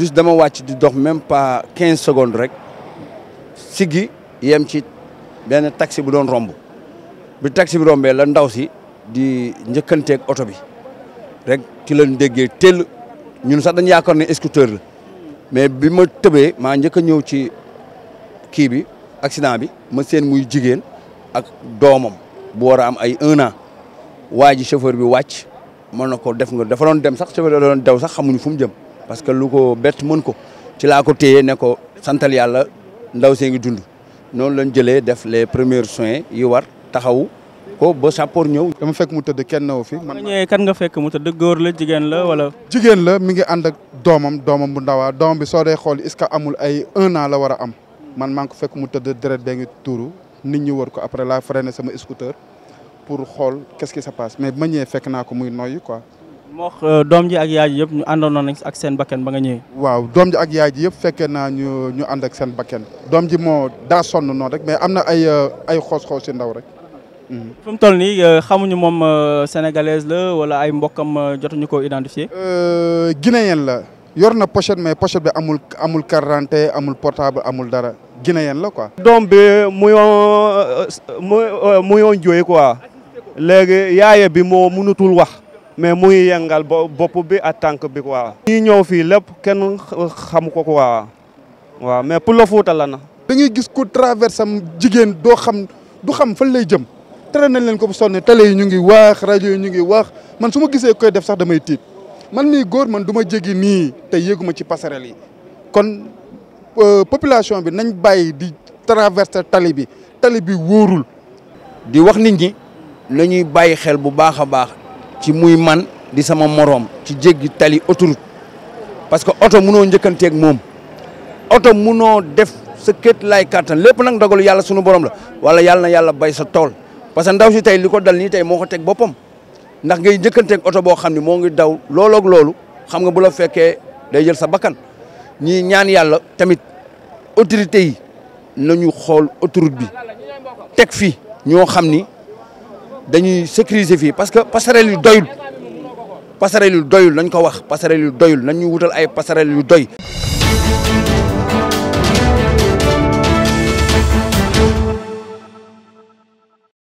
juste dama wàcc di dox même pas quinze secondes rek siggi yem ci benn taxi bu doon romb bi taxi bi rombee la ndaw si di njëkkanteeg oto bi rek ci lañ déggee teel ñun sax dañ yaakaar ne scooter la mais bi ma tëbee maa njëkk a ñëw ci kii bi accident bi ma seen muy jigéen ak doomam bu war a am ay un an waa ji chauffeur bi wàcc mën na def nga dafa doon dem sax chauffeur da doon daw sax xamuñu fu mu jëm parce que lu ko bett mën ko ci la ko téye ne ko santal yalla ndaw see ngi dund non lañ jëlé def les premiers soins yi war taxaw ko ba sappoor ñew dama fekk mu tëdd kenn nawu fi. man ñëwee kan nga fekk mu tëdd góor la jigen la wala. jigen la mi ngi and ak domam domam bu ndawa dom bi so day xol est-ce que amul ay 1 an la wara am man man ko fekk mu tëdd deret bee ngi touru nit ñi wër ko après la freiner sama scooter pour xol qu'est-ce qui se passe mais bi ma ñëwee fekk naa ko muy noyyi quoi. moo euh, doom ji ak yaay ji yëpp ñu àndoon nañ ak seen bakken ba nga ñëwee. waaw doom ji ak yaay ji yëpp fekkee naa ñu ñu ànd ak seen bakken doom ji moo daa sonn noonu rek mais am na ay euh, ay xoos-xoos yu ndaw rek. Hmm. fu mu nii euh, xamuñu moom sénégalaise la wala ay mbokkam jotuñu ko identifier. guinéen la yor na pochette mais pochette bi amul amul carte d'identité amul portable amul dara guinéen la quoi. doom bi mu yoon mu yoon jooy quoi léegi yaaye bi moo mënutul wax. mais muy ngi yëngal bopp bi ak tànk bi quoi. ñi ñëw fii lépp kenn xam ko quoi waaw mais pour le Fouta la na. dañuy gis ku traverse am jigéen doo xam du xam fan lay jëm tere nañ leen ko bu sonnee télé yi ñu ngi waax rajo yi ñu ngi waax man su ma gisee koy def sax damay tiit man mii góor man duma ma nii te yéeguma ci passerelle yi kon euh, population bi nañ bàyyi di traverser tali bi tali bi wóorul. di wax nit ñi la ñuy bàyyi xel bu baax a baax ci muy man di sama morom ci jéggi tali autoroute parce que auto mëno munoo ak mom auto mëno def sa kët lay kàttan lepp nak dogalu yalla suñu borom la wala yalla na yalla bay sa tol parce que ndaw ci tay liko dal ni tay moko tek bopam ndax ngay njëkkanteeg ak auto bo xamni mo ngi daw looloog loolu xam nga bu la féké day jël sa bakan ñi ñaan yalla tamit autorité yi nañu xol autoroute bi tek fi ño xamni dañuy sécuriser fii parce que passerelle yu doyul passerelle yu doyul lañ ko wax passerelle yu doyul nañ ñu wutal ay passerelle doy.